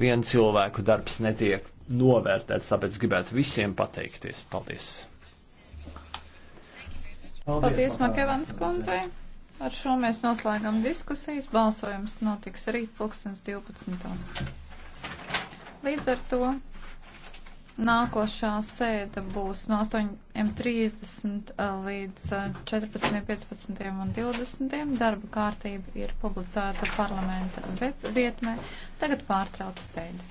vienu cilvēku darbs netiek novērtēts, tāpēc gribētu visiem pateikties. Paldies! Paldies, Paldies Makevans kundzei! Ar šo mēs noslēgam diskusijas. Balsojums notiks rīt 2012. Līdz ar to Nākošā sēde būs no 8.30 eh, līdz 14.15 eh, un 20. Darba kārtība ir publicēta parlamenta web vietnē. Tagad pārtraucu sēdi.